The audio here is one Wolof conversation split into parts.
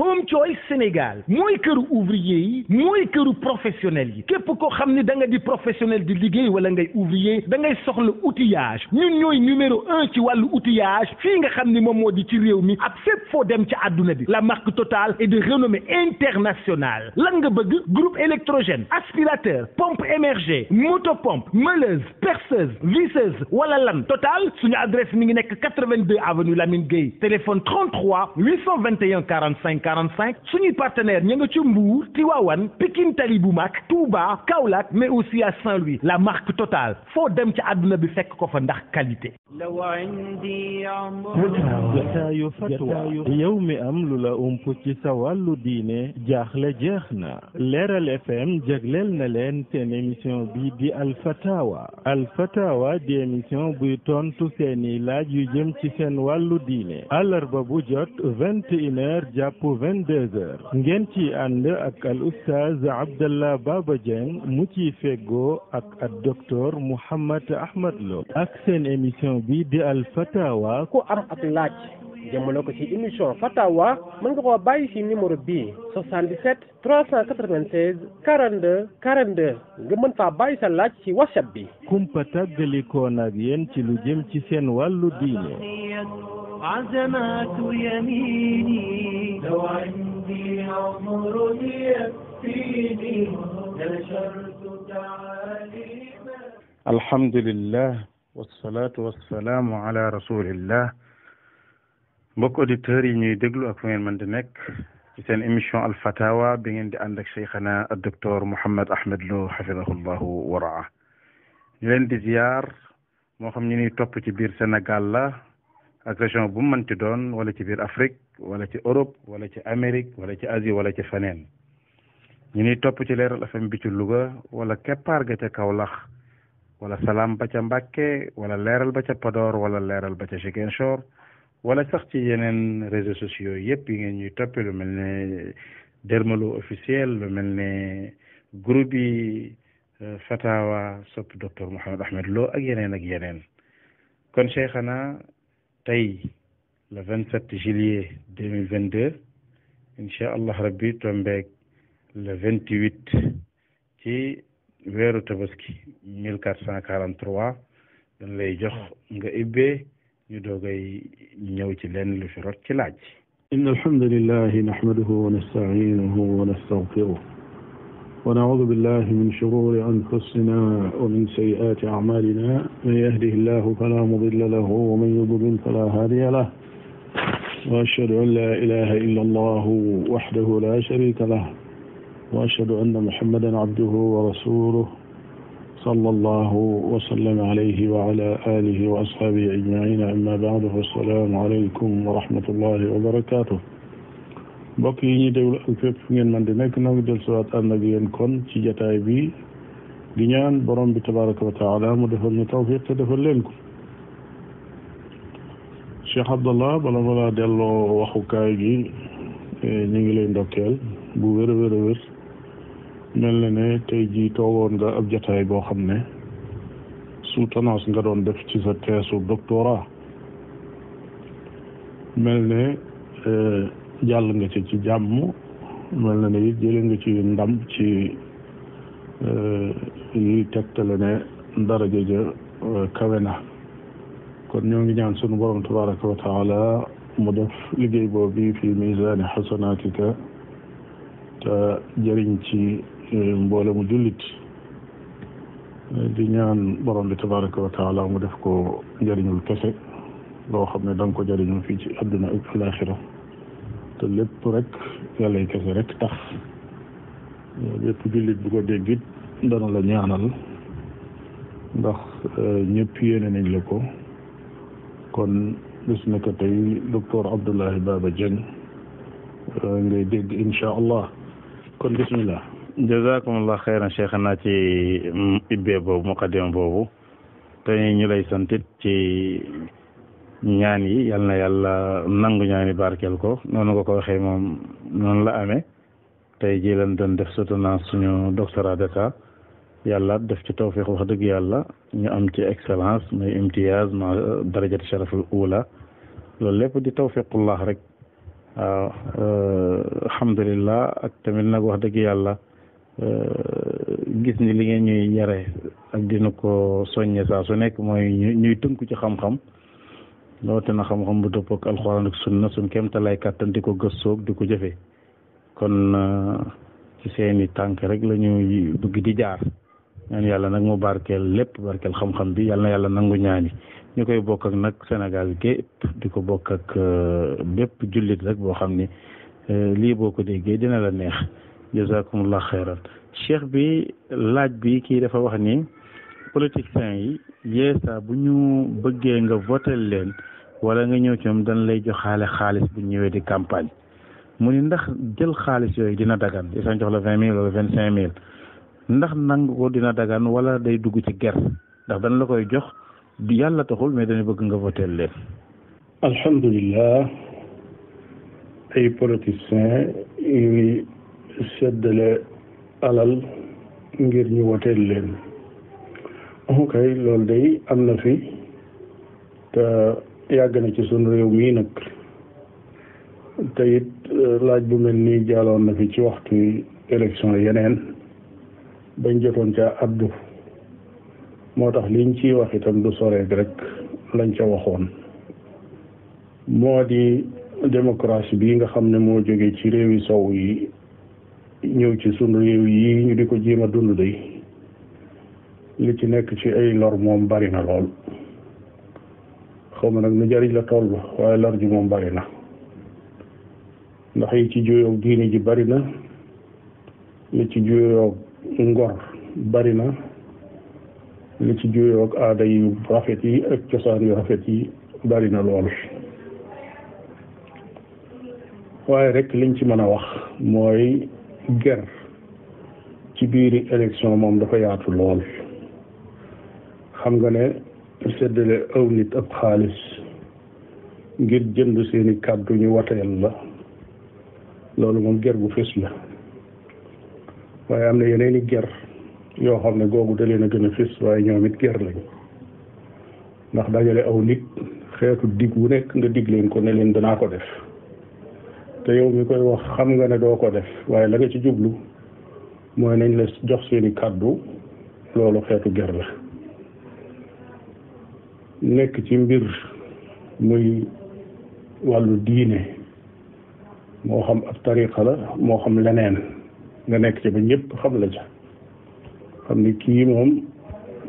Home Choice Sénégal mooy këru ouvrier yi mooy këru professionnel yi képp koo xam ne da nga di professionnel di liggéey wala ngay ouvrier da ngay soxla outillage ñun ñooy numéro un ci wàllu outillage fii nga xam ni moom moo di ci réew mi ak fépp foo dem ci àdduna bi la marque Total est de renommée internationale lan nga bëgg groupe électrogène aspirateur pompe émergée motopompe meuleuse perceuse visseuse wala lan Total suñu adresse mi ngi nekk 82 avenue Lamine Gueye téléphone 33 quarante cinq suñuy partenaire ñu nga ca Mbour Tiwawan Pikine Tali bu mag Touba Kaolack mais aussi à Saint-Louis la marque Total foo dem ca àdduna bi fekk ko fa ndax qualité jataayu yow mi am lu la ump ci sa wàllu diine jaaxle jeex na leeral fm jagleel na leen seen émission bi di alfatawa alfatawa di émission buy tontu seeni laaj yu jëm ci seen wàllu diine àllarba bu jot vingt jàpp 22 heures ngeen ci ànd ak al oustaz Abdallah Baba Dieng mu ci feggoo ak ak docteur Mouhammad Ahmad Lo ak seen émission bi di al fatawa ku am ak laaj jëmale ko ci émission fatawa mën nga koo bàyyi ci numéro bii 77 396 42 42 nga mën faa bàyyi sa laaj ci whatsapp bi kumpa tàggalikoon ak yéen ci lu jëm ci seen wàllu diine عزمات يميني لو عندي عمر يكفيني نشرت تعاليما الحمد لله والصلاة والسلام على رسول الله mbokk auditeurs yi ñuy déglu ak fu ngeen mën di nekk ci seen émission al fatawa bi ngeen di ànd ak cheikhana al docteur Mouhammad Ahmad Lo xafidahullahu waraa ñu leen di ziar moo xam ñu ni topp ci biir Sénégal la ak région bu mu mënti doon wala ci biir Afrique wala ci Europe wala ci Amérique wala ci Asie wala ci feneen ñu ni topp ci Leeral FM bi ci Louga wala keppaar ga ca Kaolack wala salaam ba ca mbakke wala leeral ba ca padoor wala leeral ba ca Ziguinchor wala sax ci yeneen réseaux sociaux yëpp yi ngeen ñuy toppee lu mel ne dermalo officiel lu mel ne groupe yi euh, fatawa sopp docteur Mouhamed Ahmed Lo ak yeneen ak yeneen kon Cheikhana tey le vingt sept juillet deux mille vingt deux incha allah rabbi tombeeg le vingt huit ci weeru tabaski mille quatre cent quarante trois dañ lay jox nga ibbee ñu doogay ñëw ci lenn lu fi ci laaj. inna alhamdulilah nahmaduhu wa nastainuhu wa nastaghfiruh ونعوذ بالله من شرور أنفسنا ومن سيئات أعمالنا من يهده الله فلا مضل له ومن يضلل فلا هادي له وأشهد أن لا إله إلا الله وحده لا شريك له وأشهد أن محمدا عبده ورسوله صلى الله وسلم عليه وعلى آله وأصحابه أجمعين أما بعد فالسلام عليكم ورحمة الله وبركاته mbokk yi ñu déglu ak fépp ngeen man di nekk noo ngi del siwaat ànd ak yéen kon ci jataay bi di ñaan borom bi tabaraka wa taala mu defal ñu tawfiq te defal leen ko Cheikh Abdallah bala ma laa delloo waxukaay gi e, ñu ngi lay ndokkeel bu wér a wér mel na ne tey jii toogoon nga ab jataay boo xam ne soutenance nga doon def ci sa teesu doctorat mel ne e, jàll nga ci ci jàmm mel na ne it jële nga ci ndam ci eh, luy tegtale ne daraja ja eh, kawe na kon ñoo ngi ñaan sunu borom tabaraka wa mu def liggéey boobu fi misaani xasanaatika te jëriñ ci eh, mboole mu jullit ñaan borom bi tabaraka wa taala mu def ko njëriñul kese loo xam ne da nga ko jëriñu fii ci adduna ak alaxira te lépp rek yàlla kese rek tax lépp jullit bu ko dégg it dana la ñaanal ndax euh, ñëpp yéene nañ la ko kon bis na ko tey docteur Abdoulaye Baba Dieng euh, ngay allah kon bismillah jazakumullah xayran cheikhana ci mm, ibbee boobu muqaddima boobu te ñu lay santit ci ñaan yi yal na yàlla nangu ñaani barkeel ko noonu nga ko waxee moom noonu la amee tey jii lan doon def soutenance suñu doctorat d'état yàlla def ci tawfiq wax dëgg yàlla ñu am ci excellence muy imtiyaaz ma darajat sharaful ula loolu lépp di tawfiqullah rek waaw euh, alhamdulillah ak tamit nag wax dëgg yàlla euh, gis ni li ngeen ñuy yare ak dina ko soññe saa su nekk mooy ñuy tënku ci xam-xam rawatina xam-xam bu dëppoo ak alxuraan ak sunna suñ kéemtalaay kàttan di ko gëstoog di ko jëfee kon uh, ci seeni tànk rek la ñu bëgg di jaar ñaan yàlla nag mu barkeel lépp barkeel xam-xam bi yàlla na yàlla nangu ñaani ñu koy bokk ak nag Sénégal gépp di ko bokk ak uh, bépp jullit rek boo xam ni uh, lii boo ko déggee dina la neex jazakumullah xayran cheikh bi laaj bi kii dafa wax ni politiciens yi yeesa bu ñu bëggee nga votel leen wala nga ñëw ci moom dañ lay joxaale xaalis bu ñëwee di campagne mu ni ndax jël xaalis yooyu dina dagan di sa jox la vingt mille wala vingt cinq mille ndax nangu ko dina dagan wala day dugg ci ger ndax dañ la koy jox yàlla taxul mais dañu bëgg nga voteel leen alhamdulilah ay politiciens yuy seddale alal ngir ñu woteel leen ok loolu day am fi yàgg na ci sunu réew mii nag te it euh, laaj bu mel nii jaaloon na fi ci waxtu élection yeneen bañ jotoon ca addu moo tax liñ ciy wax itam du soreeg rek lañ ca waxoon moo di démocratie bii nga xam ne moo jóge ci réewi sow yi ñëw ci sunu réew yi ñu di ko jéem a dund day li ci nekk ci ay lor moom bari na lool xaw ma nag nu jariñ la toll waaye lor ji moom bari na ndax yi ci juyoog diine ji bari na li ci juyoog ngor bari na li ci juyoog aada yu rafet yi ak cosaan yu rafet yi bari na lool waaye rek liñ ci mën a wax mooy ger ci biiri élection moom dafa yaatu lool xam nga ne ñu seddale aw nit ab xaalis ngir jënd seeni kàddu ñu wateel la loolu moom ger gu fés la waaye am na yeneen i ger yoo xam ne googu de leen a gën a fés waaye ñoom it ger lañu ndax dajale aw nit xeetu digg wu nekk nga dig leen ko ne leen danaa ko def te yow mi koy wax xam nga ne doo ko def waaye la nga ci jublu mooy nañ la jox seeni kàddu loolu xeetu ger la nekk ci mbir muy wàllu diine moo xam ab tariqa la moo xam leneen nga nekk ci ba ñépp xam la ca xam ni kii moom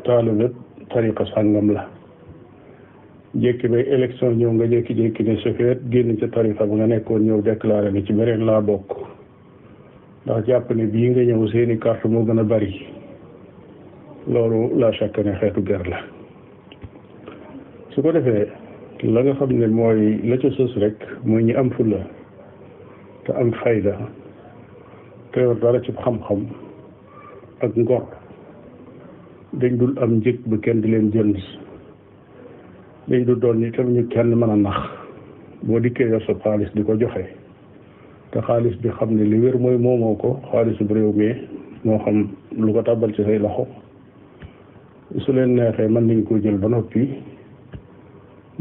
taalibeb tariqa sàngam la jekki ba élection ñëw nga jekki jékki ne sofeet génn ca tariqa ba nga nekkoon ñëw déclaré ni ci beneen laa bokk ndax jàpp ne bii nga ñëw seeni carte moo gën a bari loolu laa chaque ne xeetu ger la su ko defee la nga xam ne mooy la rek mooy ñi am fulla te am fayda te yor dara ci xam-xam ak ngor dañ dul am njëg ba kenn di leen jënd dañ du doon itam ñu kenn mën a nax boo dikkee yor sa xaalis di ko joxe te xaalis bi xam ne li wér mooy moomoo ko xaalisu réew mi moo xam lu ko tàbbal ci say loxo su leen neexee mën nañ koo jël ba noppi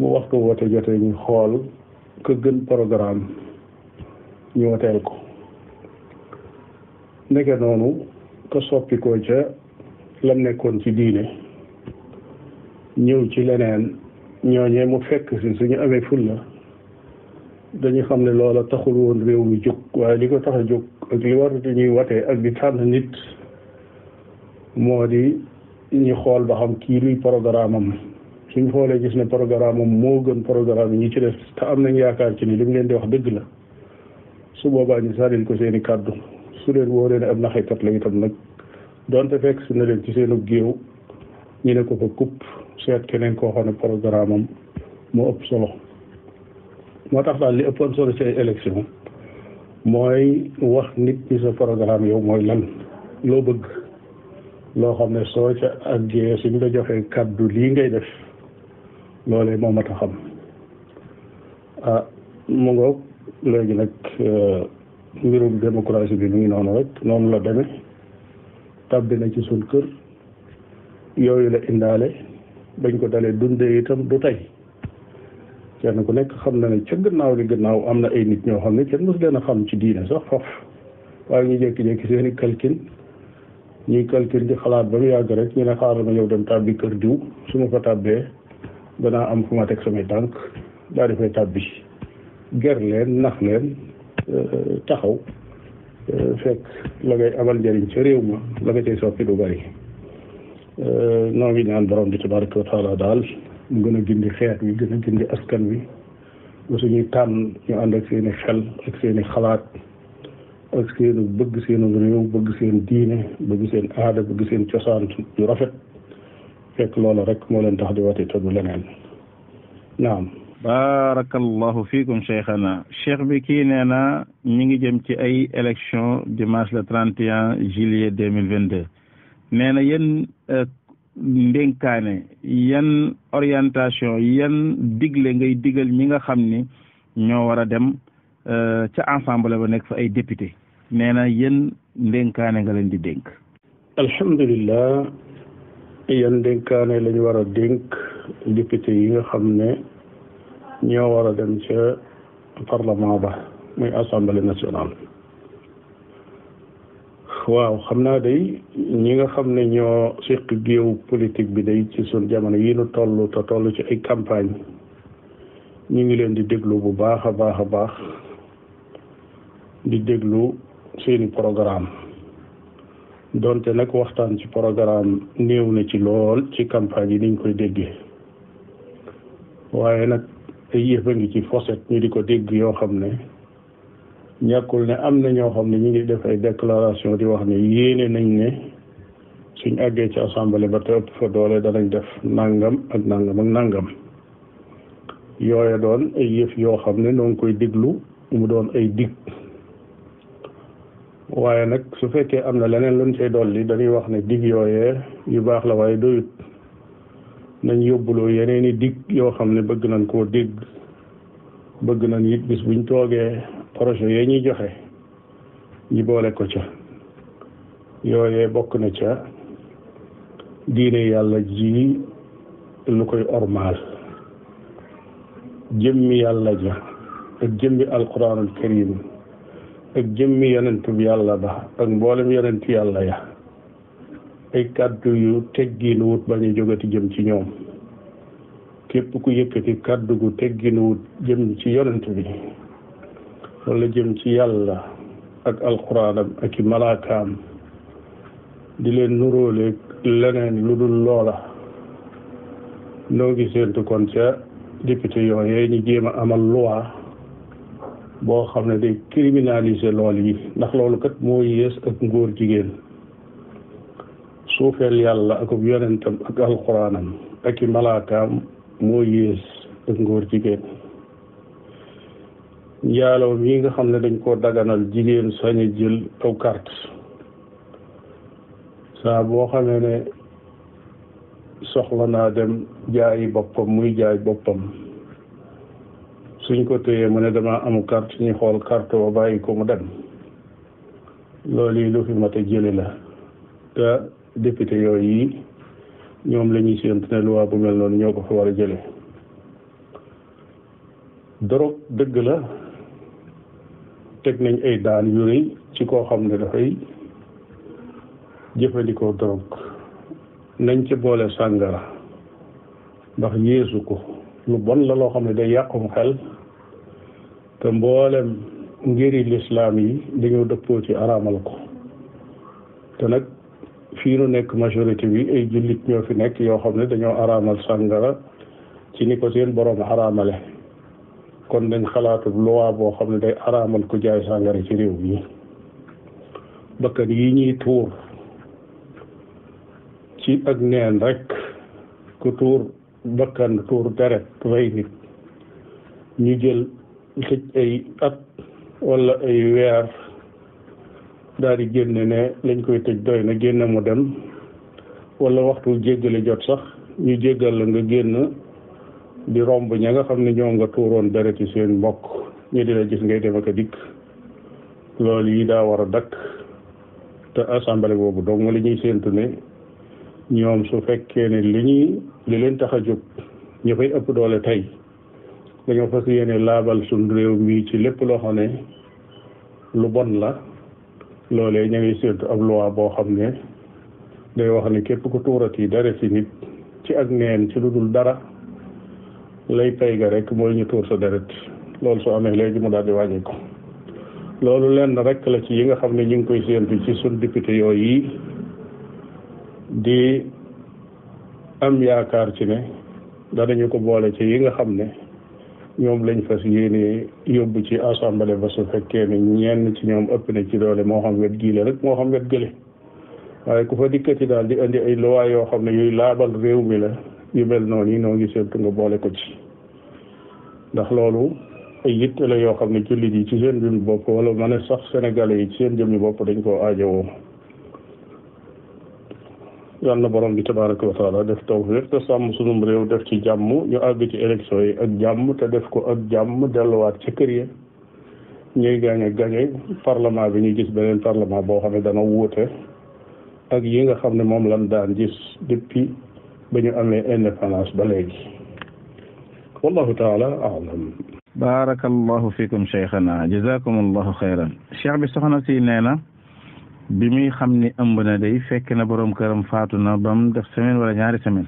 bu waxtu woote jotee ñu xool ka gën programme ñu woteel ko ndeke noonu ka soppi ko ca lam nekkoon ci diine ñëw ci leneen ñooñee mu fekk si suñu amee fulla dañu xam ne loola taxul woon réew mi jóg waaye li ko tax jóg ak li war ñuy watee ak di tànn nit moo di ñu xool ba xam kii luy programme suñ xoolee gis ne programme moo gën programme yi ñu ci def te am nañ yaakaar ci ni li mu leen di wax dëgg la su boobaa ñu sàllil ko seeni kàddu su leen wóoree ne am naxekat la itam nag donte fekk su ne leen ci seenu géew ñu ne ko fa kupp seet keneen koo xam ne programme moo ëpp solo moo tax daal li ëppoon solo ci ay élection mooy wax nit ñi sa programme yow mooy lan loo bëgg loo xam ne soo ca àggee suñ la joxee kàddu lii ngay def loolee moom mat a xam ah mu ngoog léegi nag euh, mbirum démocratie bi mu ngi noonu rek noonu la deme tàbbi na ci suñ kër yooyu la indaale bañ ko dalee dundee itam du tey kenn ku nekk xam na ne ca gannaaw li gannaaw am na ay nit ñoo xam ne kenn mos leen a xam ci diine sax faf waaye ñu jékki-jékki seen i ñuy calcul di xalaat ba mu yàgg rek ñu ne xaaral ma ñëw dem tàbbi kër diw su ma fa tàbbee danaa am fu ma teg samay tànk daa defay tàbbi ger leen nax leen euh, taxaw euh, fekk la ngay amal njëriñ ca réew ma la nga cay soppi du bari euh, noo ngi ñaan borom bi tabaraka wa daal mu gën a gindi xeet wi gën a gindi askan wi ba suñuy tànn ñu ànd ak seen xel ak seen xalaat ak seen bëgg seen réew bëgg seen diine bëgg seen aada bëgg seen cosaan yu rafet fekk loola rek moo leen tax di woote tudd leneen naam baarakallahu fiikum cheikhana cheikh bi kii nee na ñi ngi jëm ci ay élection dimanche le 31 juillet 2022 nee na yan euh, ndénkaane yan orientation yan digle ngay digal ñi nga xam ni ñoo war a dem euh, ca ensemble ba nekk fa ay député nee na yan ndénkaane nga leen di dénk alhamdulillah yan dénkaane lañu war a dénk député yi nga xam ne ñoo war a dem ca parlement ba muy assemblée nationale waaw xam naa day ñi nga xam ne ñoo seq géew politique bi day ci suñ jamono yi nu toll te toll ci ay campagne ñu ngi leen di déglu bu baax a baax a baax di déglu seeni programme donte nag waxtaan ci programme néew na ci lool ci campagne yi niñ koy déggee waaye nag ay yëf a ngi ci foset ñu di ko dégg yoo xam ne ñàkkul ne am na ñoo xam ne ñu ngi def ay déclaration di wax ne yéene nañ ne suñ àggee ci assemblée ba te ëpp fa doole danañ def nangam ak nangam ak nangam yooya doon ay yëf yoo xam ne noo ngi koy déglu mu doon ay dig waaye nag su fekkee am na leneen luñ cay dolli dañuy wax ne dig yooyee yu baax la waaye doyut nañ yóbbuloo yeneen i dig yoo xam ne bëgg nañ koo dégg bëgg nañ it bis buñ toogee projet yee ñuy joxe ñi boole ko ca yooyee bokk na ca diine yàlla ji lu koy ormaal jëmmi yàlla ja ak jëmmi alquranul karim ak jëmm yenentu yàlla ba ak mboolem yonentu yàlla ya ay kàddu yu tegginuwut bañ a jógati jëm ci ñoom képp ku yëkkati kàddu gu tegginuwut jëm ci yonent bi wala jëm ci yàlla ak alxuraanam ak i malaakaam di leen nuróoleeg leneen lu dul loola noo ngi séentu kon ca député yooyee ñu jéem a amal loi boo xam ne day criminaliser lool yi ndax loolu kat moo yées ak ngóor jigéen suufeel yàlla ak yonentam ak alxuraanam ak i malaakaam moo yées ak ngóor jigéen njaaloo yi nga xam ne dañ koo daganal jigéen sañ jël aw carte saa boo xamee ne soxla naa dem jaayi boppam muy jaay boppam suñ ko téyee mu ne damaa am carte ñu xool carte ba bàyyi ko mu dem loolu yi lu fi mat a jële la te député yooyu yi ñoom la ñuy séentu ne loi bu mel noonu ñoo ko fi war a jële dorog dëgg la teg nañ ay daan yu ci koo xam ne dafay jëfandikoo dorog nañ ci boole sàngara ndax yéesu ko lu bon la loo xam ne day yàqum xel te mboolem ngiri lislaam yi dañoo dëppoo ci araamal ko te nag fii nu nekk majorité bi ay jullit ñoo fi nekk yoo xam ne dañoo araamal sàngara ci ni ko seen boroomu araamale kon dañ xalaatu luwaa boo xam ne day araamal ku jaay sàngara ci réew mi bakkan yi ñuy tuur ci ak neen rek ku tuur bakkan tuur deret rey nit ñu jël xëj ay at wala ay weer daal di génn ne lañ koy tëj doy na génne mu dem wala waxtu jéggale jot sax ñu jéggal la nga génn di romb ña nga xam ne ñoom nga tuuroon deret ci seen mbokk ñu di la gis ngay dem ak dikk loolu yi daa war a dakk te assemblée boobu donc ma li ñuy séentu ne ñoom su fekkee ne li ñuy li leen tax a jóg ñu fay ëpp doole tey dañoo fas yéene laabal suñu réew mi ci lépp loo xam ne lu bon la loolee ñu ngi séntu ab loi boo xam ne day wax ne képp ku tuurati dara ci nit ci ak neen ci lu dul dara lay pay ga rek mooy ñu tuur sa deret loolu soo amee léegi mu daal di wàññi loolu lenn rek la ci yi nga xam ne ñu ngi koy séentu ci suñ député yooyu yi di am yaakaar ci ne danañu ko boole ci yi nga xam ne ñoom lañ fas yéene yóbbu ci assemblée ba su fekkee ne ñenn ci ñoom ëpp na ci doole moo xam wet gii la rek moo xam wet gële waaye ku fa dikkati daal di indi ay loi yoo xam ne yuy laabal réew mi la yu mel noonu yi noo ngi séentu nga boole ko ci ndax loolu ay yitte la yoo xam ne jullit yi ci seen jëmmi bopp wala ma ne sax sénégalais yi ci seen jëmmi bopp dañ koo aajowoo yàlla borom bi tabaraka wa taala def tawfiq te sàmm sunum réew def ci jàmm ñu àgg ci élection yi ak jàmm te def ko ak jàmm delluwaat ci kër ya ñuy gaañe gaañe parlement bi ñu gis beneen parlement boo xam ne dana wuute ak yi nga xam ne moom lan daan gis depuis ba ñu amee indépendance ba léegi wallahu taala alam barakallahu fikum cheikhana jazakum allahu xayran cheikh bi soxna si nee bi muy xam ni ëmb na day fekk na boroom këram faatu na ba mu def semaine wala ñaari semaine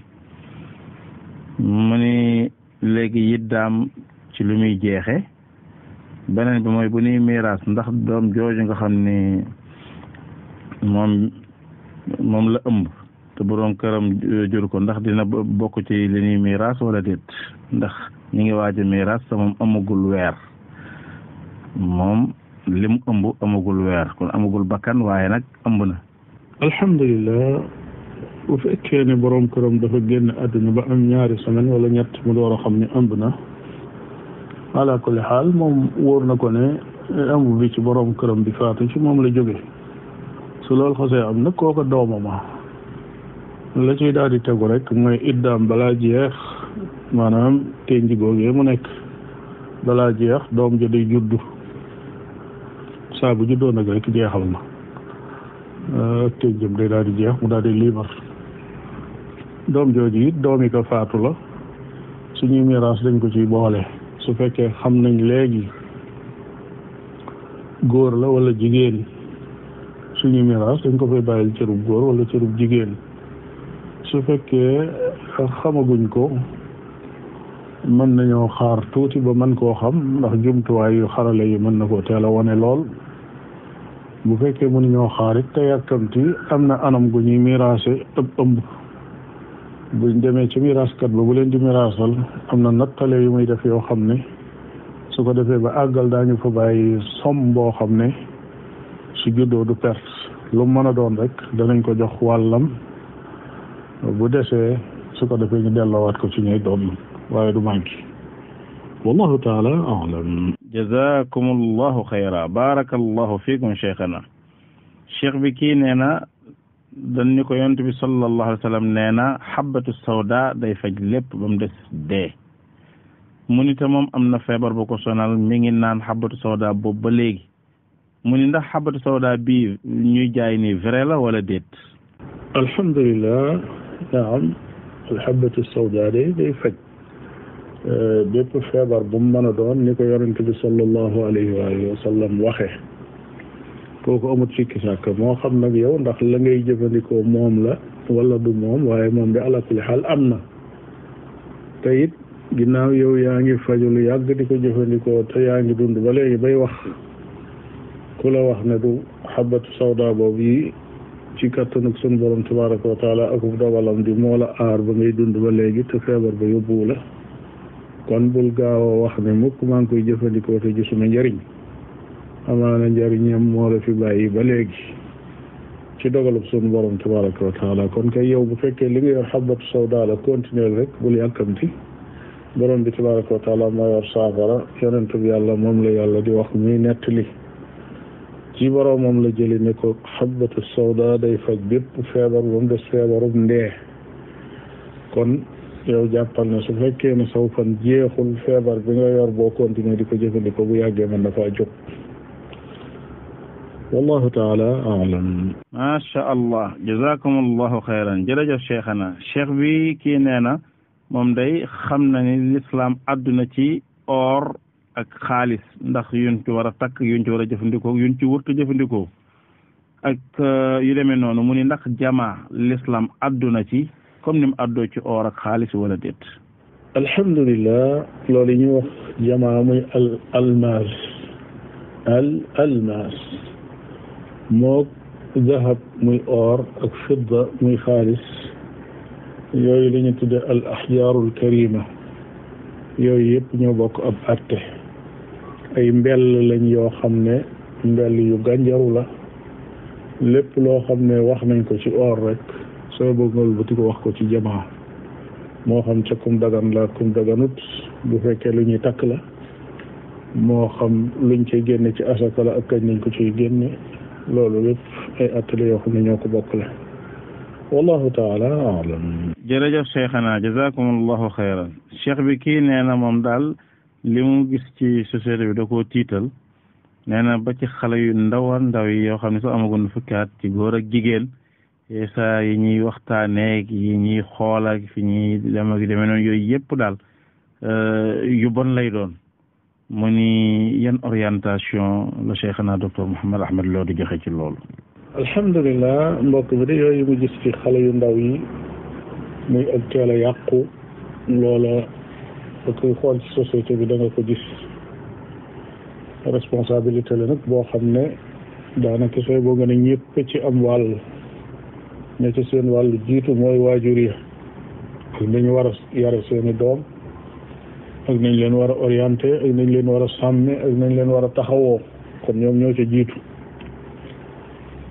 mu ni léegi daam ci lu muy jeexe beneen bi mooy bu nuy miiras ndax doom jooju nga xam ni moom moom la ëmb te boroom këram jur ko ndax dina bokk ci li ñuy miiras wala déet ndax ñu ngi waaj a miiras te moom amagul weer moom li ëmb amagul weer kon amagul bakkan waaye nag ëmb na alhamdulilah bu fekkee ne borom këram dafa génn àdduna ba am ñaari semaine wala ñett mu door a xam ne ëmb na ala kulli xaal moom wóor na ko ne eh, ëmb bi ci borom këram bi faatu ci moom la jóge su loolu xasee am nag kooka doomama ah. la ciy daal di tegu rek mooy iddaam balaa jeex maanaam te njigoogee mu nekk balaa jeex doom ju day juddu saa bu juddoo nag rek jeexal na ak tey jëm daal di jeex mu daal di doom jooju it doomi ko la suñuy miraas dañ ko ciy boole su fekkee xam nañ léegi góor la wala jigéen suñuy miraas dañ ko fay bàyyil cërub góor wala cërub jigéen su fekkee xamaguñ ko mën nañoo xaar tuuti ba mën koo xam ndax jumtuwaay yu xarale yi mën na ko teel wone lool bu fekkee mënuñoo xaar it te yàkkamti am na anam gu ñuy miraase ëpp ëmb buñ demee ci miraaskat ba bu leen di miraasal am na nattale yu muy def yoo xam ne su ko defee ba àggal daañu fa bàyyi som boo xam ne su juddoo du perte lu mën a doon rek danañ ko jox wàllam bu desee su ko defee ñu delloowaat ko ci ñuy doon waaye du manqué wallahu taala alam jazakumullahu xayra barakallahu fikum sheikh cheikh bi kii nee na dañ ñu ko yonent bi sallallahu alayhi wa sallam nee na xabbatu sawda day faj lépp ba mu des dee mu ni te moom am na feebar bu ko sonal mi ngi naan xabbatu sawda boobu ba léegi ni ndax xabbatu sawda bii jaay ni vrai la wala déet alhamdulilah naam alxabatu sawda day day faj Euh, bépp feebar bu mu mën a doon ni ko yonent bi sallallahu alayhi wa sallam waxe kooku amut sikki sàkk moo xam nag yow ndax la ngay jëfandikoo moom la wala du moom waaye moom bi ala kulli xaal am na te ginnaaw yow yaa ngi fajulu yàgg di ko jëfandikoo te yaa ngi dund ba léegi bay wax ku la wax ne du xabatu sawda boobu yi ci kattanug sunu borom wa taala akub dogalam di moo la aar ba ngay dund ba léegi te feebar ba yóbbuwu la kon bul gaaw a wax ne mukk maa ngi koy jëfandikoo te gisuma njariñ amaana njariñam moo la fi bàyyi ba léegi ci dogalub sunu borom tabaraka wa kon kay yow bu fekkee li nga yor xabatu sawda la continuer rek bul yàkkamti borom bi tabaraka wa taala moo yor saafara yonent bi yàlla moom la yàlla di wax muy nettali ci moom la jëli ne ko xabatu sawda day faj bépp feebar ba mu des feebarub ndee kon yow jàppal ne su fekkee ne saw fan jeexul feebar bi nga yor boo di ko jëfandikoo bu yàggee mën na faa jóg wallahu taala alam macha allah jazakum allahu xayran jërëjëf bi kii nee na moom day xam nani ni lislaam àdduna ci or ak xaalis ndax yuñ ci war a takk yuñ ci war a jëfandikoo yuñ ci wurtu jëfandikoo ak uh, yu demee noonu mu ni ndax jamaa lislaam àdduna ci comme ni mu àddoo ci or ak xaalis wala déet. alhamdulilah loolu ñu wax jamaa muy almaas almaas moog zahab muy or ak fidda muy xaalis yooyu la ñu tuddee al axjaarul yooyu yëpp ñoo bokk ab atte ay mbell lañ yoo xam ne mbel yu gànjaru la lépp loo ne wax nañ ko ci or rek. soo bëgg nga wëlbati ko wax ko ci jamaa moo xam ca kum dagan la kum daganut bu fekkee lu ñuy takk la moo xam luñ cay génne ci asaka la ak kañ lañ ko ciy génne loolu lépp ay attale yoo xam ne ñoo ko bokk la wallahu taala alam jërëjëf cheikhana jazakumullahu xayran cheikh bi kii nee na moom daal li mu gis ci société bi da ko tiital nee na ba ci xale yu ndaw a ndaw yi yoo xam ne soo amagoon fukki at ci góor ak jigéen saa yi ñuy waxtaaneeg yi ñuy xool ak fi ñuy dem yi demee noonu yooyu yëpp daal euh, yu bon lay doon mu ni yan orientation la cheikhana docteur Mouhamed Ahmed Lo di joxe ci loolu alhamdulilah mbokk bi de yooyu mu gis ci xale yu ndaw yi muy a yàqu loola da koy xool ci société bi da nga ko gis la nag boo xam ne daanaka sooy boo gën a ñëpp ne ci seen wàllu jiitu mooy waajur yi ak nañ war a yare seeni doom ak nañ leen war a orienté ak nañ leen war a sàmme ak nañ leen war a taxawoo kon ñoom ñoo ci jiitu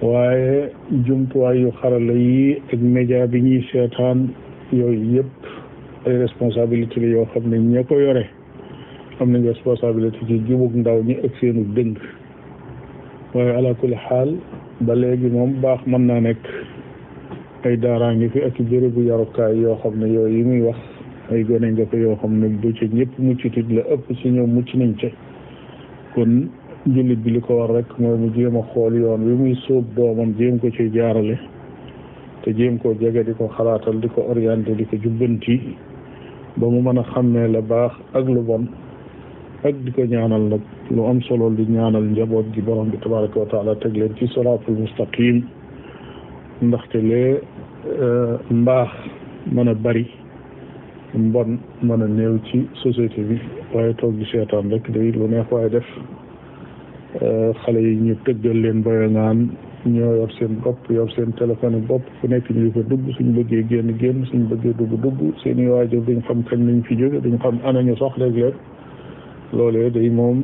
waaye jumtuwaay yu xarala yi ak média bi ñuy seetaan yooyu yëpp ay responsabilité la yoo xam ne ña ko yore am nañ responsabilité ci jubug ndaw ñi seen seenu dëng waaye ala kulli xaal ba léegi moom baax mën naa nekk ay daaraa ngi fi ak i bu yarukaay yoo xam ne yooyu yi muy wax ay gone nga ko yoo xam ne du ci ñëpp muccitit la ëpp si ñoom mucc nañ ca kon jullit bi li ko war rek mooy mu jéem a xool yoon wi muy sóob doomam jéem ko ci jaarale te jéem koo jege di ko xalaatal di ko orienté di ko jubbanti ba mu mën a xàmmee la baax ak lu bon ak di ko ñaanal nag lu am solo di ñaanal njaboot gi borom bi tabaraka wa taala teg leen ci siraatul mustaqim ndaxte lee euh, mbaax mën a bari mbon mën a néew ci société bi waaye toog di seetaan rek day lu neex waaye def euh, xale yi ñu tëggal leen ba naan ñoo yor seen bopp yor seen téléphone bopp fu nekk ñu fa dugg suñ bëggee génn génn suñ bëggee dugg dugg seen i waajur duñ xam kañ lañ fi jóge duñ xam anañu soxla léeg-léeg loolee day moom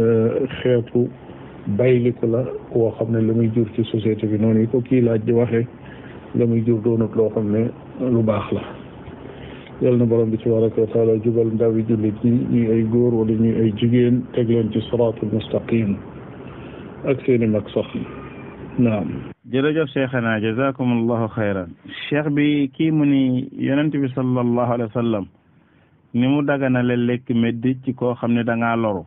euh, xeetu bayliku la woo xam ne la muy jur ci société bi noonu yi ko kii laaj di waxee la muy jur doonut loo xam ne lu baax la yal na borom bi tabaraka wa taala jubal ndawi jullit ñi ñuy ay góor wala ñuy ay jigéen teg leen ci siraatul mustaqim ak seen i mag sax naam jërëjëf cheikhana jazakum allahu xayran cheikh bi kii mu ni yonent bi sallallahu alayhi wa sallam ni mu daganale lekk meddi ci koo xam ne danga loru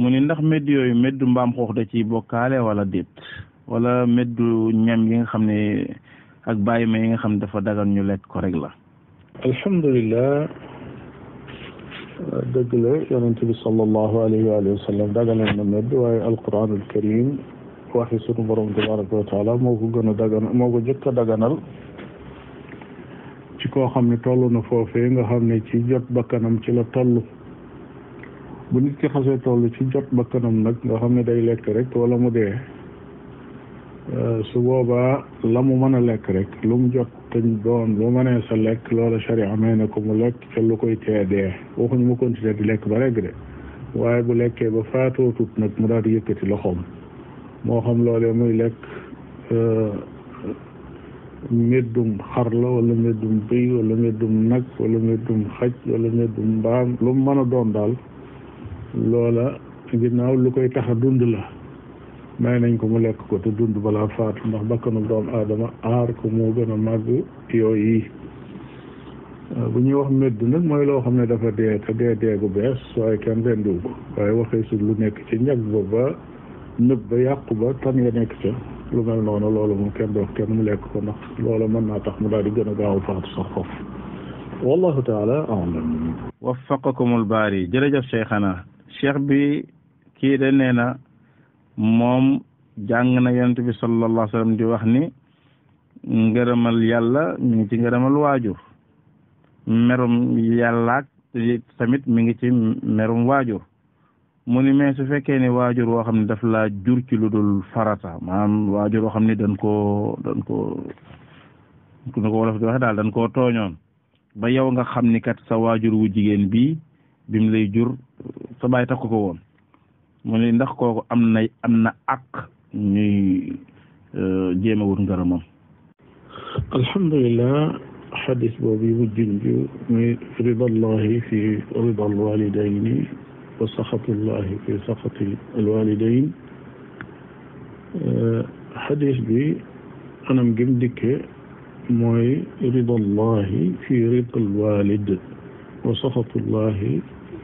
mu ni ndax medd yooyu meddu mbaam xoox da ci bokkaale wala déet wala meddu ñam yi nga xam ne ak bàyyi ma yi nga xam ne dafa dagan ñu lekk ko rek la alhamdulilah dëgg la yonent bi sallallahu alayhi wa sallam daganal na medd waaye alquran alkarim waxi sunu borom tabaraka wa taala moo ko gën a moo ko jëkk daganal ci koo xam ne toll na foofee nga xam ne ci jot bakkanam ci la toll bu nit ki xasee toll ci jot bakkanam nag nga xam ne day lekk rek wala mu dee euh, su boobaa la mu mën a lekk rek lu jot te doon bu mënee sa lekk loola sharia may na ko mu lekk ca lu koy tee dee waxuñu mu continuer di lekk ba rek de waaye bu lekkee ba faatootut nag mu daal di yëkkati loxoom moo xam loolee muy lekk euh, meddum xar la wala meddum bëy wala nag wala meddum xaj wala meddum mbaam lu mu mën a doon daal loola ginnaaw lu koy tax a dund la may nañ ko mu lekk ko te dund balaa faatu ndax bakkanu doomu aadama aar ko moo gën a màgg yooyu yi bu ñuy wax medd nag mooy loo xam ne dafa dee te dee dee gu bees waaye kenn rendiwu ko waaye waxee su lu nekk ci njag ba ba nëb ba yàqu ba tan ya nekk ca lu mel noonu loolu moom kenn doof kenn mu lekk ko ndax loola mën naa tax mu daal di gën a gaaw faatu sax foofu wallahu taala alam waffaqakumul baari jërëjëf cheikhana cheikh bi kii de nee na moom jàng na yonent bi sallallahu alayhi di wax ni ngërëmal yàlla mi ngi ci ngërëmal waajur merum yàllaak tamit mi ngi ci merum waajur mu ni mais su fekkee ne waajur woo xam ne daf laa jur ci lu dul farata maanaam waajur woo xam ne dañ koo dañ ko wolof daal dañ koo tooñoon ba yow nga xam ni kat sa waajur wu jigéen bii bi mu lay jur sa baay takku ko woon mu ne ndax kooku am na am na ak ñuy euh, jéem a wut ngërëmam alhamdulilah xadis boobu yi mu junju muy ridallahi fi rida alwalidayni wa saxatullahi fi saxati alwalidayn euh, xadis bi anam gim dikke mooy ridallahi fi rida alwalid wa saxatullahi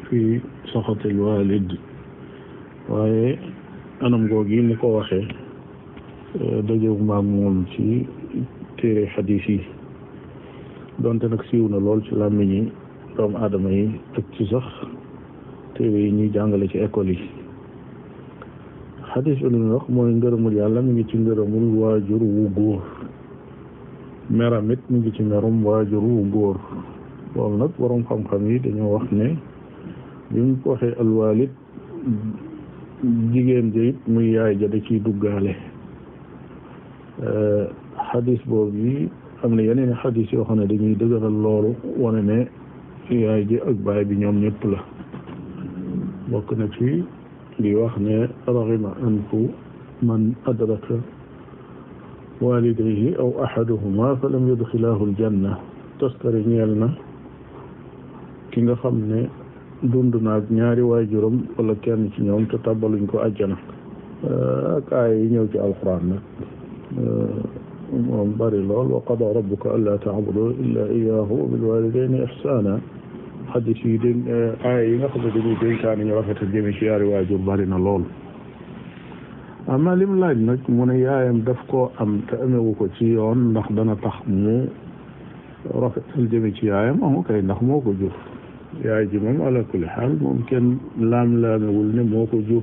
fi saxatil walid waaye anam googi ni ko waxee euh, dajewu maag moom ci téere xadiis yi donte nag siiw na lool ci làmmiñ yi doomu aadama yi ak ci sax téere yi ñuy jàngale ci école yi xadiis bi lu ñu wax mooy ngërëmul yàlla mi ngi ci ngërëmul waajur wu góor meram mu ngi ci merum waajur wu góor loolu nag boroom xam-xam yi dañoo wax ne bi mu ko waxee alwaalid jigéen ja it yaay ja da ciy duggaale euh, xadis boobu yi am na yeneen xadis yoo xam ne dañuy dëgëral loolu wane ne yaay ji ak baay bi ñoom ñëpp la bokk na ci di wax ne raxima anfu man adraka walidayhi aw ahaduhuma fa lam yudxilaahu aljanna toskari ñeel na ki nga xam ne dund naag ñaari waajuram wala kenn ci ñoom te tàbbaluñ ko àjjana euh, ak aaya yi ñëw ci alxuraan euh, bari lool wa qada rabbuka allaa taabudu illaa iyaahu euh, nga xam ne dañuy dénkaani ñu rafetal jëme ci yaari waajur bari na lool ama lim laaj nag mu ne yaayam daf koo am te amewu ko ci yoon ndax dana tax mu rafetal jëme ci yaayam amu kay ndax moo ko jur yaay ji moom ala kulli xaal moom kenn laam laamewul ne moo ko jur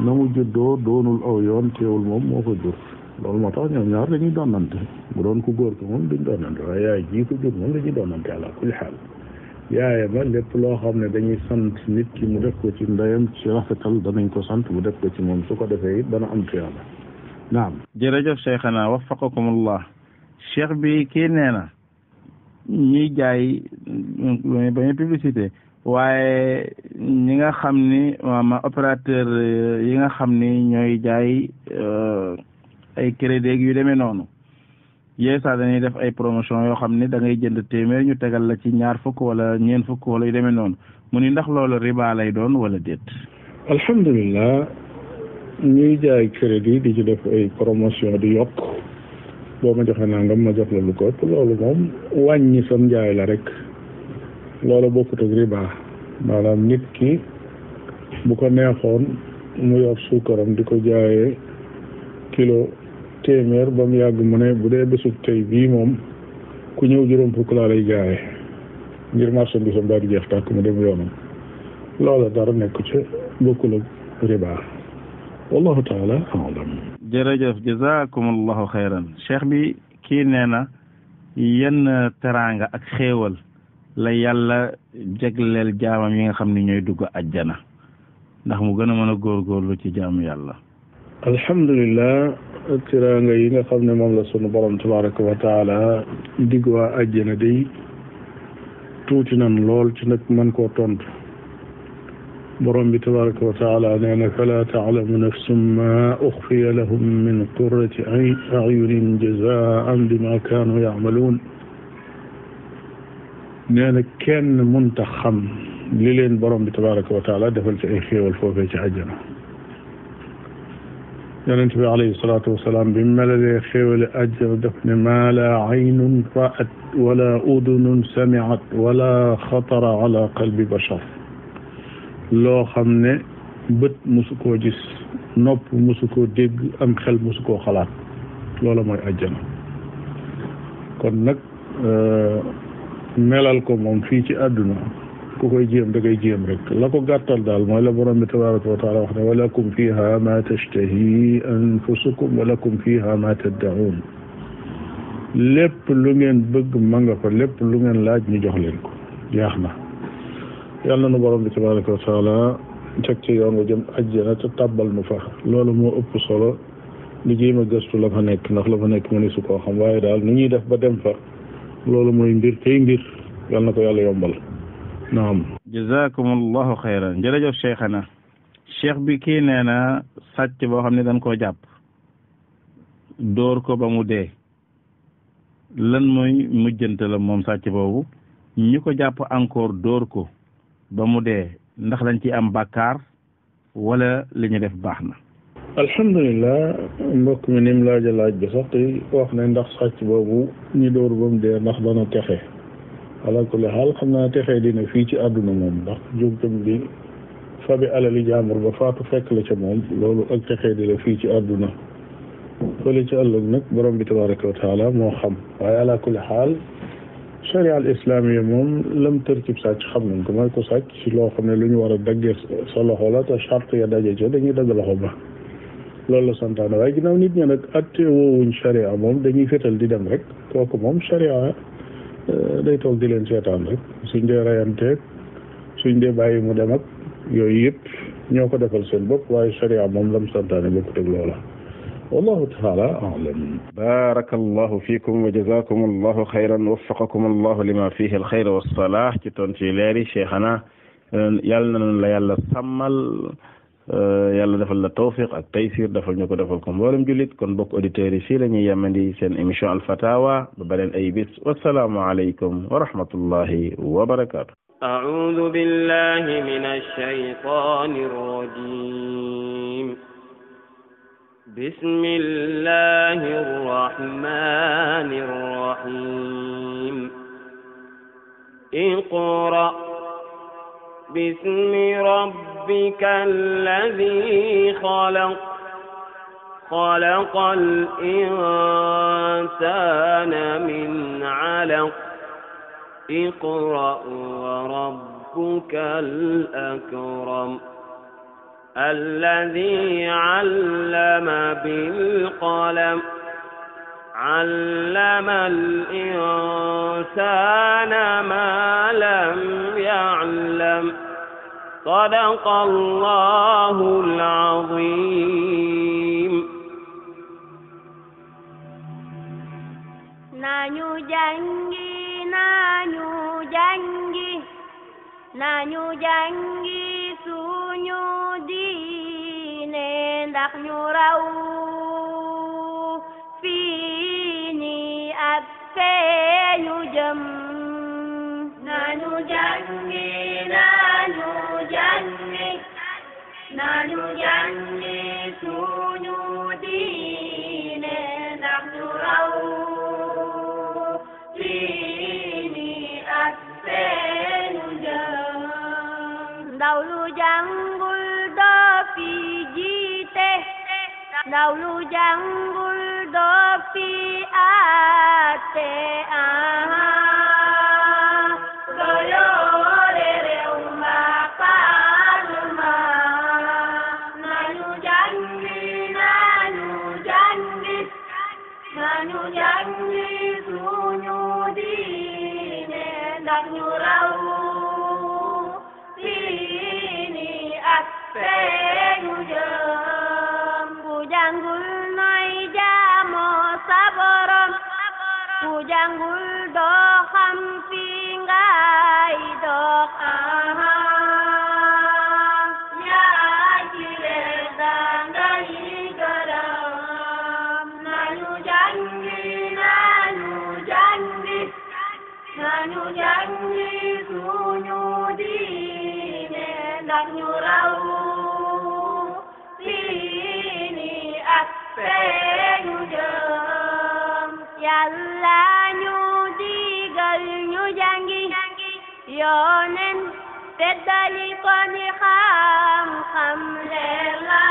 na mu juddoo doonul aw yoon teewul moom moo ko jur loolu moo tax ñoom ñaar dañuy doonante bu doon ku góor ko moom duñ doonante waaye yaay ji ko jur moom dañuy doonante ala kulli xaal yaay ma lépp loo xam ne dañuy sant nit ki mu def ko ci ndeyam ci rafetal danañ ko sant mu def ko ci moom su ko defee it dana am tuyaaba naam jërëjëf cheikhana waffaqakumullah cheikh bi kii nee na ñuy jaay bañu publicité waaye ñi nga xam ni maanaam opérateur yi nga xam ni ñooy jaay euh, ay crédit yu demee noonu yee saa dañuy def ay promotion yoo xam ni dangay jënd téeméer ñu tegal la ci ñaar fukk wala ñeen fukk wala yu demee noonu mu ni ndax loolu riba lay doon wala déet alhamdulilah ñuy jaay crédit di ci def ay promotion di yokk boo ma joxe nangam ma jox la lu ko loolu moom wàññi sam njaay la rek loolu bokkut ak riba maanaam nit ki bu ko neexoon mu yor suukaram di ko jaaye kilo téeméer ba mu yàgg mu ne bu dee bésub tey bii moom ku ñëw juróom fukk laa lay jaayee ngir marchandise am daal di jeex tàkk mu dem yoonam loola dara nekk ci bokkul ak riba wallahu taala alam jërëjëf jazakumullahu xayran cheikh bi kii nee na yenn teraanga ak xéewal la yàlla jegleel jaamam yi nga xam ni ñooy dugg ajjana ndax mu gën a mën a góorgóorlu ci jaamu yàlla alhamdulilah teraanga yi nga xam ne moom la sunu borom tabaraka wa taala digg waa ajjana day tuuti nan lool ci nag mën koo tontu borom bi tabaraka wa taala nee na fala taalamu nafsum ma uxfiya lahum min qurrati ayunin jazaan bima kaanu yaamaluun nee na kenn mënta xam li leen borom bi tabaraka wa taala defal ci ay xéewal foofee ci àjjana yonent bi alayhi salaatu wasalaam bi melalee xéewale àjjana def ne maa laa aynun ra'at wala udunun samiat wala xatara ala qalbi bashar loo xam ne bët mosu koo gis nopp mosu koo dégg am xel mosu koo xalaat loola mooy àjjana kon nag euh, melal ko moom fii ci àdduna ku koy jéem da ngay jéem rek la ko gàttal daal mooy la borom bi tabaraka wa taala wax ne wa lakum fiha ma tashtahi anfusukum wa lakum fiha ma taddaun lépp lu ngeen bëgg ma nga fa lépp lu ngeen laaj ñu jox leen ko jeex na yàlla nu borom bi tabaraka wa taala teg ci yoon nga jëm ajjana te tàbbal nu fa loolu moo ëpp solo li ma a gëstu la fa nekk ndax la fa nekk mu ne su koo xam waaye daal nu ñuy def ba dem fa loolu mooy ngir tey mbir yàlla na ko yàlla yombal naam jazakum allahu xayran jërëjëf cheikhana cheikh bi kii nee na sàcc boo xam ne dañ koo jàpp dóor ko ba mu dee lan mooy mujjante la moom sàcc boobu ñu ko jàpp encore door ko ba mu dee ndax dañ ci am bàkkaar wala li ñu def baax na alhamdulilah mbok mi nim laaja laaj bi sax te wax ne ndax sàcc boobu ñu door ba mu dee ndax dana texe ala kulli xaal xam naa texe dina fii ci àdduna moom ndax jumtam di fabi alali jàmbur ba faatu fekk la ca moom loolu ak texe di fii ci àdduna fële ci ëllëg nag borom bi tabaraka wa moo xam waaye ala kulli xaal charia al islamiya moom lam tër cib sàcc xam nañ ko mooy ko sàcc loo xam ne lu ñu war a daggee sa loxo la te charte ya daje ca dañuy dagg loxo ba loolu la santaane waaye ginnaaw nit ña nag atte woowuñ charia moom dañuy fétal di dem rek kooku moom charia euh, day toog di leen seetaan rek suñ dee rayante suñ dee bàyyi mu dem ak yooyu yëpp ñoo ko defal seen bopp waaye charia moom lam santaane bokkut ak loola wallahu taala alam baraka allahu fiikum wa jazakum allahu xayran waffaqakum allahu lima fihi alxayr wassalah ci toon ci leeri cheikhana yàlla na la yàlla sàmmal yàlla defal la tawfiq ak taysir defal ñu ko defal ko mboolem jullit kon bokk auditeurs yi fii la ñuy yemandi seen émission alfatawa ba beneen ay bis wasalaamu aleykum wa rahmatullahi wa barakaatu a'uudu billahi mina shaytaani rajiim بسم الله الرحمن الرحيم اقرأ باسم ربك الذي خلق خلق الإنسان من علق اقرأ وربك الأكرم الذي علم بالقلم علم الإنسان ما لم يعلم صدق الله العظيم nañu jàngi nañu jàngi nañu jàngi su نحن رووا فيني أبتي جم نانو جنبي نانو جنبي نانو جنبي سونو دين نحن رووا فيني أبتي جم دولو جنبي في جي ndaw lu jàngul doo fi àtte tanggul jàngi yoonen te dali ko ni xam-xam leer la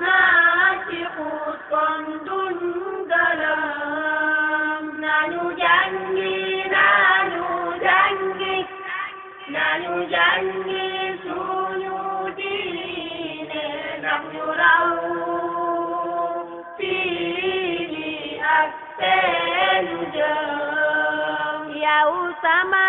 naa ci xuus kon du sama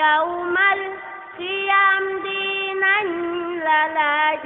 yawmal qiyaam dinañ la laaj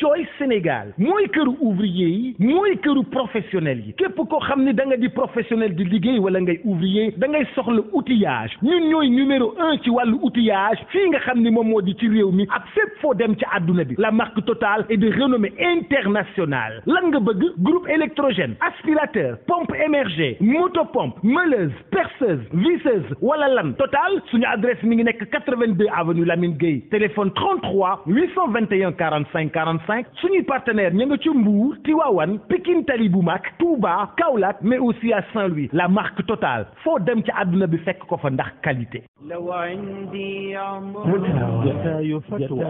jooy Sénégal mooy këru ouvrier yi mooy këru professionnel yi képp koo xam ne da nga di professionnel di liggéey wala ngay ouvrier da ngay soxla outillage ñun ñooy numéro un ci wàllu outillage fii nga xam ni moom moo di ci réew mi ak fépp foo dem ci àdduna bi la marque Total est de renommée internationale lan nga bëgg groupe électrogène aspirateur pompe émergée motopompe meuleuse perceuse visseuse wala lan Total suñu adresse mi ngi nekk 82 avenue Lamine Gueye téléphone 33 821 45 45 cinq suñuy partenaire ñu nga ci Mbour Tiwawan Pikine Tali bu mag Touba Kaolack mais aussi à Saint-Louis la marque Total foo dem ca àdduna bi fekk ko fa ndax qualité jataayu fatwa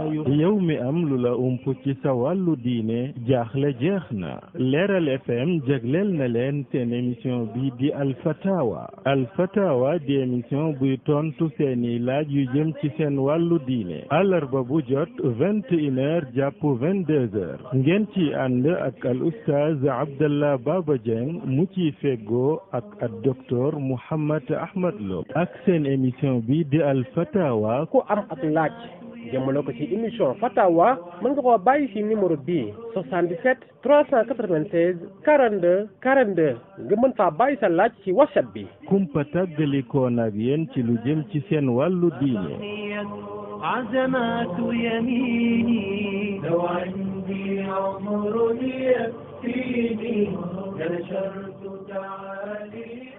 mi am lu la ump ci sa wàllu diine jaaxle jeex na leeral fm jagleel na leen seen émission bi di alfatawa alfatawa di émission buy tontu seeni laaj yu jëm ci seen wàllu diine àllarba bu jot une heures jàpp 22 heures ngeen ci ànd ak al oustaz Abdallah Baba Dieng mu ci feggoo ak ak docteur Mouhammad Ahmad Lo ak seen émission bi di al fatawa ku am ak laaj jëmale ko ci émission fatawa mën nga ko bàyyi ci numéro bii 77 396 42 42 nga mën faa bàyyi sa laaj ci whatsapp bi kumpa tàggalikoon ak yéen ci lu jëm ci seen wàllu diine عزمات يميني لو عندي عمر يكفيني نشرت تعاليمي